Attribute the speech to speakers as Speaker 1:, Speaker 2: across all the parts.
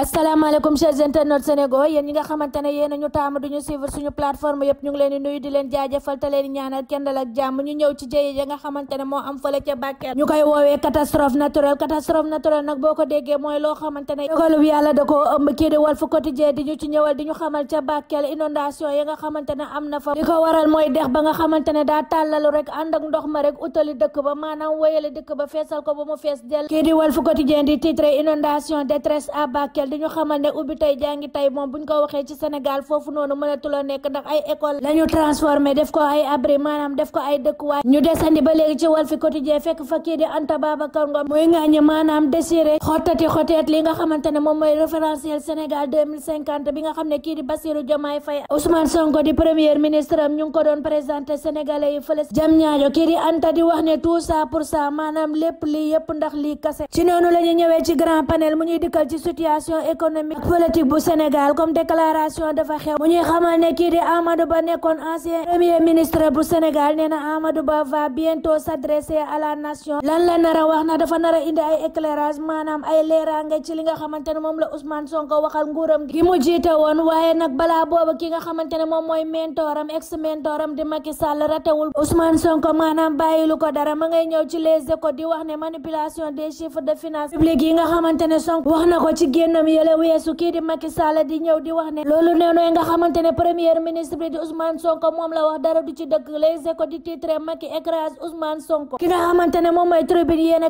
Speaker 1: asalaamaaleykum chers internautes Sénégal yéen ñi nga xamante ne yéen ñu taamu duñu suivre suñu plateforme yëpp ñu ngi leen di nuyu di leen jaajëfal te leen ñaanal kenn dal ak jàmm ñu ñëw ci jëye ya nga xamante ne moo am fële ca Bakel ñu koy woowee catastrophe naturelle catastrophe naturelle nag boo ko déggee mooy loo xamante ne dogalub yàlla da koo ëmb kii di Walf Quotidien di ñu ci ñëwal di ñu xamal ca Bakel inondation ya nga xamante ne am na fa li ko waral mooy dex ba nga xamante ne daa tàllalu rek ànd ak ndox ma rek utali dëkk ba maanaam wéyale dëkk ba feesal ko ba mu fees dell di Walf Quotidien di titre inondation détresse à Bakel Bakel di ñu xamal ne ubbi tey jàngi tey moom buñ ko waxee ci Sénégal foofu noonu mënatula nekk ndax ay école la ñu def ko ay abri maanaam def ko ay dëkkuwaay ñu desandi ba léegi ci Walf Quotidien fekk fa kii di Anta Babacar Ngom muy ŋaañi maanaam désiré xottati xotteet li nga xamante ne moom mooy référentiel Sénégal 2050 bi nga xam ne kii di Bassirou Diomaye Faye Ousmane Sonko di premier ministre am ñu ngi ko doon présenté Sénégalais yi fële jam ñaajo kii di Anta di wax ne yëpp ndax lii kase ci la ñu ñëwee ci grand panel mu ñuy dikkal situation économique politique bu Sénégal comme déclaration dafa xew mu ñuy xamal ne kii di Amadou Ba nekkoon ancien premier ministre bu Sénégal nee na Amadou Ba va bientôt s'adresser à la nation lan la nara wax na dafa nara indi ay éclairage maanaam ay leeraange ci li nga xamante ne moom la Ousmane Sonko waxal nguuram gi mu jiite woon waaye nag balaa boobu ki nga xamante ne moom mooy mentoram ex mentoram di Macky Sall ratewul Ousmane Sonko maanaam bàyyilu ko dara ma ngay ñëw ci les échos di wax ne manipulation des chiffres de finances fanam yële weesu kii di Macky Sall di ñëw di wax ne loolu neenooy nga xamante ne ministre bi di Ousmane Sonko moom la wax dara du ci dëgg les échos di titre Macky écrase Ousmane Sonko ki nga xamante moom mooy tribune yéen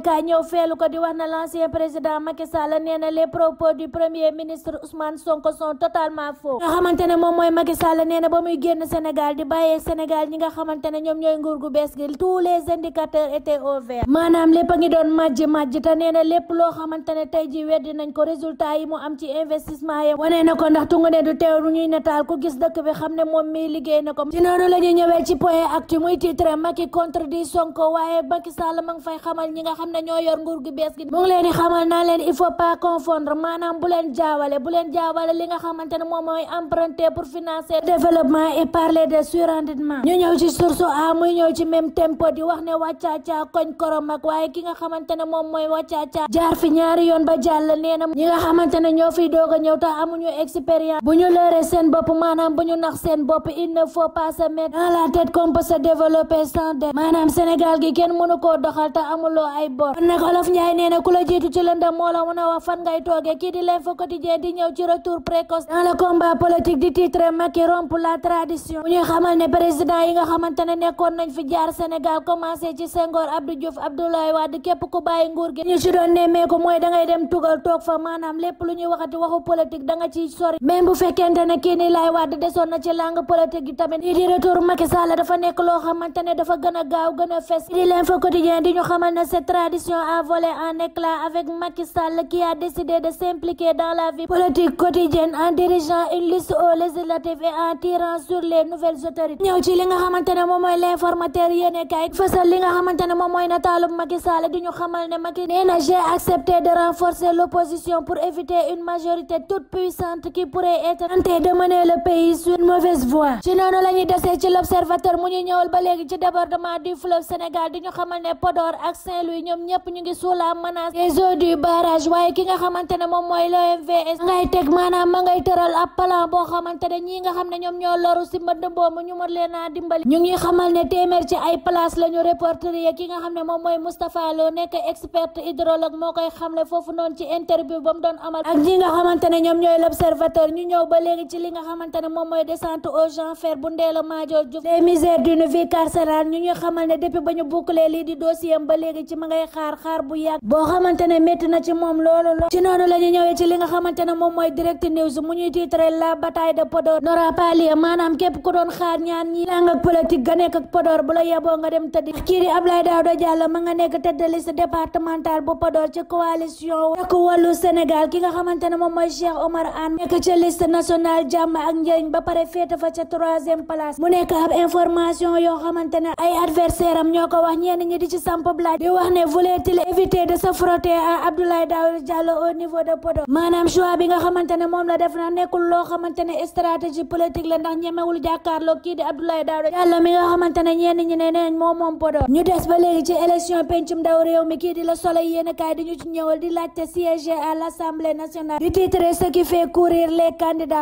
Speaker 1: a ba muy génn Sénégal di bàyyee Sénégal ñi nga xamante ñoom ñooy nguur gu bees gi tous les indicateurs étaient au maanaam lépp a ngi doon majji majji te nee lépp loo xamante tey ji weddi nañ ko résultat yi mu am ci investissement yi wane na ko ndax tungu ne du teew ñuy nataal ku gis dëkk bi xam ne moom mii liggéey na ko ci noonu la ñu ñëwee ci point actu muy titre Macky contredit Sonko waaye Macky Sall fay xamal ñi nga xam ne ñoo yor nguur gi bees gi mu ngi leen di xamal naa leen il faut pas confondre maanaam bu leen jaawale bu leen jaawale li nga xamante ne moom mooy emprunté pour financer développement et parler de surendettement ñu ñëw ci source a muy ñëw ci même tempo di wax ne wàccaaca koñ korom ak waaye ki nga xamante ne moom mooy wàccaaca jaar fi yoon ba jàll nee na xamante ne ñoo fiy doog a ñëw te amuñu expérience bu ñu lëre seen bopp maanaam bu ñu seen bopp il ne faut pas se mettre dans la tête qu'on peut se développer sans dette maanaam Sénégal gi kenn mënu koo doxal te amuloo ay bor kon nag Olof Njaay nee na ku la jiitu ci lëndam moo la mën a wax fan ngay toogee kii di l'info quotidien di ñëw ci retour précoce dans le combat politique di titre Macky rompe la tradition bu ñuy xamal ne président yi nga xamante ne nekkoon nañ fi jaar Sénégal commencé ci Senghor Abdou Diouf Abdoulaye Wade képp ku bàyyi nguur gi ñu ci doon nemmeeku mooy dangay dem lépp lu ñuy waxati waxu politique da nga ciy sori bu fekkente ne kii nii lay wadd desoon na ci langue politique yi tamit lii di retour Macky Sall dafa nekk loo xamante ne dafa gën a gaaw gën a fes di l'info quotidien di ñu xamal ne cette a décidé de s'impliquer dans la vie politique quotidienne en dirigeant une liste aux législatives et en tirant sur les nouvelles autorités ñëw ci li nga xamante ne moom mooy l'informateur yéene kay fasal li nga xamante ne moom mooy nataalub Macky Sall di ñu xamal profiter une majorité toute puissante qui pourrait être tentée de mener le pays sur une mauvaise voie ci noonu la ñuy desee ci l'observateur mu ñu ñëwal ba léegi ci débordement du fleuve Sénégal di ñu xamal ne Podor ak Saint-Louis ñoom ñëpp ñu ngi sous la menace du barrage waaye ki nga xamante ne moom mooy l'OMVS ngay teg maanaam ma ngay tëral ab plan boo xamante ne ñi nga xam ne ñoom ñoo loru si mbënd boobu ñu mën leen a ñu ngi xamal ne téeméer ci ay place amal ak ñi nga xamante ne ñoom ñooy l'observateur ñu ñëw ba léegi ci li nga xamante ne moom mooy descente aux enfers bu Ndella Madior Diouf les misères d'une vie carcérale ñu ñu xamal ne depuis ba ñu boucler lii di dossier ba léegi ci ma ngay xaar xaar bu yàgg boo xamante ne na ci moom loolu lool ci noonu la ñu ñëwee ci li nga xamante ne moom mooy direct news mu ñuy titre la bataille de Podor n'aura maanaam képp ku doon xaar ñaan ñi lang ak ak ma nga nekk tête de liste départementale bu Podor ci coalition Takku Wallu nga xamante ne moom mooy Cheikh Omar Anne nekk ca liste nationale jàmm ak njëriñ ba pare féete fa ca troisième place mu nekk ab information yoo xamante ay adversaire am ñoo ko wax ñenn ñi di ci samp laaj di wax ne voulait-il éviter de se frotter à Abdoulaye Daouda Diallo au niveau de Podor maanaam choix bi nga xamante ne moom la def na nekkul loo xamante ne stratégie politique la ndax ñemewul jàkkaarloo kii di Abdoulaye Daouda Diallo mi nga xamante ne ñenn ñi ne neen moom moom Podor ñu des ba léegi ci élection pencum ndaw réew mi kii di la Soleil yéen a kaay di ñu ci assemblée nationale du titre ce qui fait courir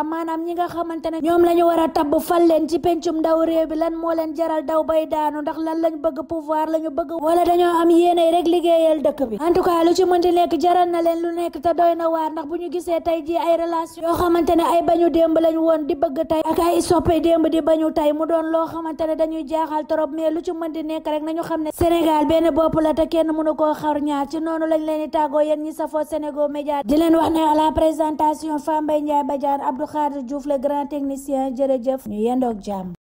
Speaker 1: maanaam ñi nga xamante ne ñoom la ñu war a tabb fal leen ci pencum ndaw réew bi lan moo leen jaral daw bay daanu ndax lan lañ bëgg pouvoir la ñu bëgg wala dañoo am yéene rek liggéeyal dëkk bi en tout cas lu ci di nekk jaral na leen lu nekk te doy na waar ndax bu ñu gisee tey ji ay relation yoo xamante ne ay bañu démb lañ woon di bëgg tey ak ay soppe démb di bañu tey mu doon loo xamante ne dañuy jaaxal trop mais lu ci mënti nekk rek nañu xam ne Sénégal benn bopp la te kenn mënu koo xar ñaar ci noonu lañ leen di tàggoo yéen ñi safoo wax à la présentation Fambaye Ndiaye Badiane Abdou Khadir Diouf le grand technicien jërëjëf ñu yendoog jàmm